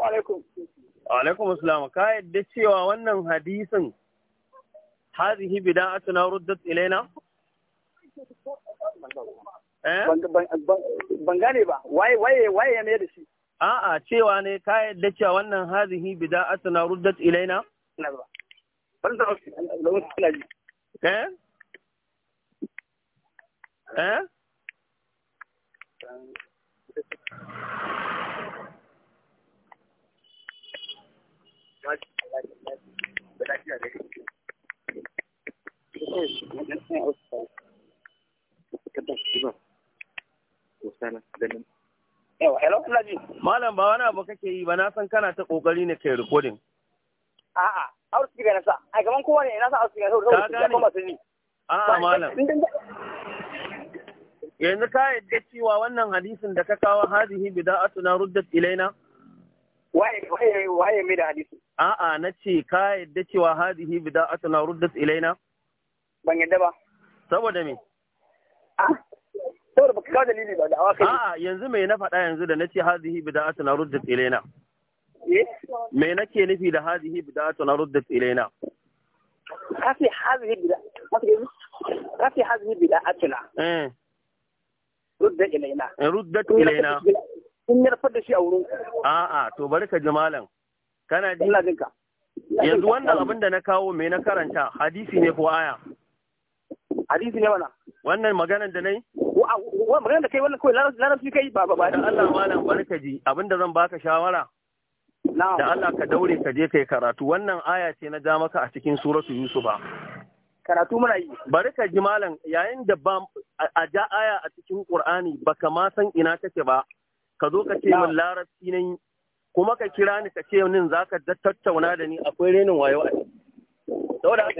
Assalamu alaikum. Wa alaikum assalam. Ka yadda cewa wannan hadisin hadhihi bida'atuna ruddat ilaina? Eh? Ban gane ba. Waye waye waye ya mai da shi? A'a cewa ne ka yadda cewa wannan hadhihi bida'atuna ruddat ilaina? Ban da wasu Eh? Eh? Malam ba wani abu kake yi ba na san kana ta kokari ne kai rikodin. A'a, sa. kowa ne na sa Yanzu ka yadda cewa wannan hadisin da ka kawo hadihi bida'atu na ruddat ilaina? waye waye mai da hadisi a'a na ce ka yadda cewa hadihi bida'atuna ruddat ilaina ban yadda ba saboda me ah, saboda baka kawo dalili ba da awaka a'a yanzu me na faɗa yanzu da na nace hadihi bida'atuna ruddus ilaina eh? me nake nufi da hadihi bida'atuna ruddus ilaina kafi hadihi bida kafi hadihi bida'atuna eh. ruddus ilaina eh, ruddus ilaina in yarfar da shi a wurin a'a to bari ka ji malam kana ji yanzu wannan abin da na kawo me na karanta hadisi ne ko aya hadisi ne wala wannan maganar da nayi maganar da kai wannan kawai larabci kai ba ba ba da Allah malam bari ka ji abin da zan baka shawara da Allah ka daure ka je kai karatu wannan aya ce na ja maka a cikin suratu yusufa karatu muna yi bari ka ji malam yayin da ba a ja aya a cikin qur'ani baka ma san ina take ba ka zo ka ce min larabci na kuma ka kira ni ka ce min za ka tattauna da ni akwai renin wayo a saboda haka